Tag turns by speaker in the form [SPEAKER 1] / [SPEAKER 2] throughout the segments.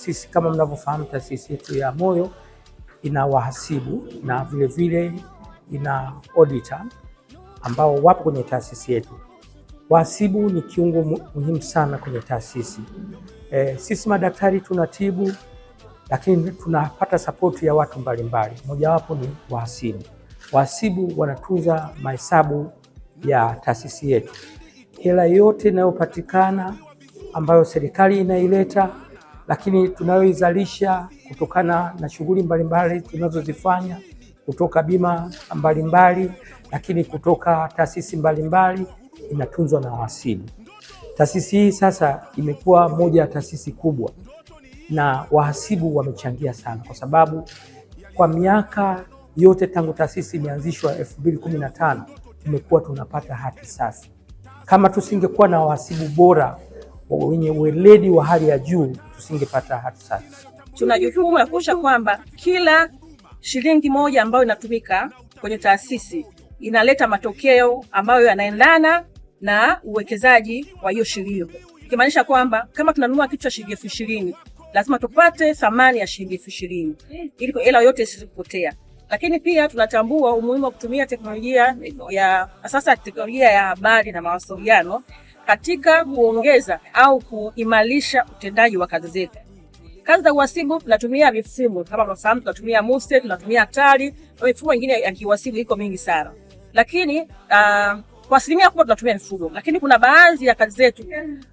[SPEAKER 1] sisi kama mnavyofahamu, taasisi yetu ya moyo ina wahasibu na vilevile vile ina auditor ambao wapo kwenye taasisi yetu. Wahasibu ni kiungo muhimu sana kwenye taasisi e, sisi madaktari tunatibu, lakini tunapata sapoti ya watu mbalimbali, mojawapo ni wahasibu. Wahasibu wanatunza mahesabu ya taasisi yetu, hela yote inayopatikana ambayo serikali inaileta lakini tunayoizalisha kutokana na shughuli mbalimbali tunazozifanya kutoka bima mbalimbali mbali, lakini kutoka taasisi mbalimbali inatunzwa na wahasibu Taasisi hii sasa imekuwa moja ya taasisi kubwa na wahasibu wamechangia sana, kwa sababu kwa miaka yote tangu taasisi imeanzishwa 2015 tumekuwa tunapata hati safi. Kama tusingekuwa na wahasibu bora wenye ueledi wa hali ya juu tusingepata hatsat.
[SPEAKER 2] Tuna jukumu la kuhakikisha kwamba kila shilingi moja ambayo inatumika kwenye taasisi inaleta matokeo ambayo yanaendana na uwekezaji wa hiyo shilingi, ikimaanisha kwamba kama tunanunua kitu cha shilingi elfu ishirini lazima tupate thamani ya shilingi elfu ishirini ili hela yote isipotea. Lakini pia tunatambua umuhimu wa kutumia teknolojia ya sasa, teknolojia ya habari na mawasiliano katika kuongeza au kuimarisha utendaji wa kazi zetu. Kazi za uhasibu tunatumia mifumo kama mnafahamu, tunatumia MUSE, tunatumia TALI na mifumo mingine ya kiuhasibu iko mingi sana, lakini uh, kwa asilimia kubwa tunatumia mifumo, lakini kuna baadhi ya kazi zetu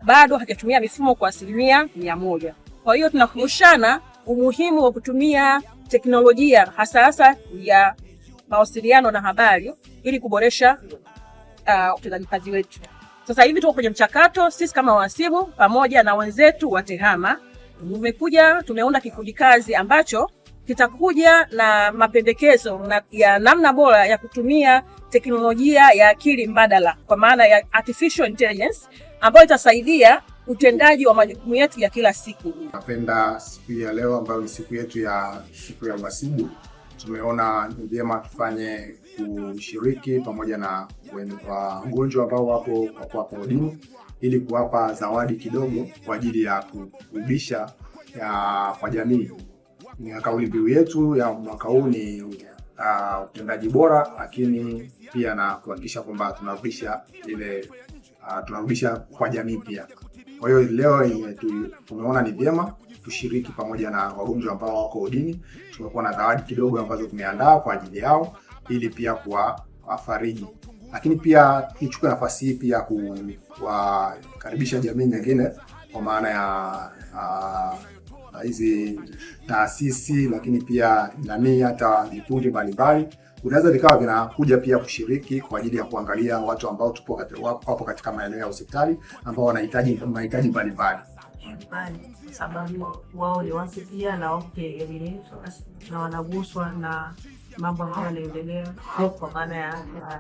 [SPEAKER 2] bado hatujatumia mifumo kwa asilimia mia moja. Kwa hiyo tunakumbushana umuhimu wa kutumia teknolojia hasa hasa ya mawasiliano na habari ili kuboresha uh, utendaji kazi wetu. Sasa hivi tuko kwenye mchakato sisi kama wasibu pamoja na wenzetu wa TEHAMA tumekuja tumeunda kikundi kazi ambacho kitakuja na mapendekezo na, ya namna bora ya kutumia teknolojia ya akili mbadala kwa maana ya artificial intelligence ambayo itasaidia utendaji wa majukumu yetu ya kila siku.
[SPEAKER 3] Napenda siku ya leo ambayo ni siku yetu ya siku ya uhasibu tumeona ni vyema tufanye kushiriki pamoja na wagonjwa ambao wapo kwa wodini ili kuwapa zawadi kidogo kwa ajili ya kurudisha kwa jamii. Kauli mbiu yetu ya mwaka huu ni uh, utendaji bora, lakini pia na kuhakikisha kwamba tunarudisha ile uh, tunarudisha kwa jamii pia. Kwa hiyo leo tumeona ni vyema tushiriki pamoja na wagonjwa ambao wako udini. Tumekuwa na zawadi kidogo ambazo tumeandaa kwa ajili yao ili pia kuwafariji, lakini pia nichukue nafasi hii pia kuwakaribisha jamii nyingine kwa maana ya hizi taasisi, lakini pia jamii hata vikundi mbalimbali Unaweza vikawa vinakuja pia kushiriki kwa ajili ya kuangalia watu ambao tupo katika, wapo katika maeneo ya hospitali ambao wanahitaji mahitaji mbalimbali
[SPEAKER 4] sababu wao ni watu pia na wakielimishwa na wanaguswa na mambo ambayo yanaendelea kwa maana ya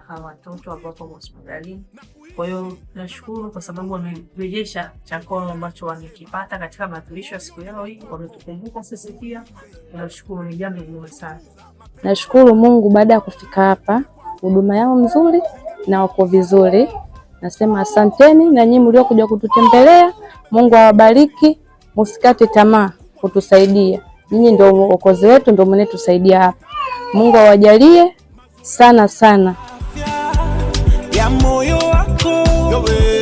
[SPEAKER 4] hawa watoto ambao wako hospitalini. Kwa hiyo nashukuru kwa sababu wamerejesha chakula ambacho wamekipata katika maadhimisho ya siku yao hii, wametukumbuka sisi pia. Nashukuru, ni jambo muhimu sana.
[SPEAKER 5] Nashukuru Mungu, baada ya kufika hapa, huduma yao nzuri na wako vizuri. Nasema asanteni na nyinyi mliokuja kututembelea. Mungu awabariki, msikate tamaa kutusaidia. Nyinyi ndio uokozi wetu, ndio mnayetusaidia hapa. Mungu awajalie sana sana ya moyo wako.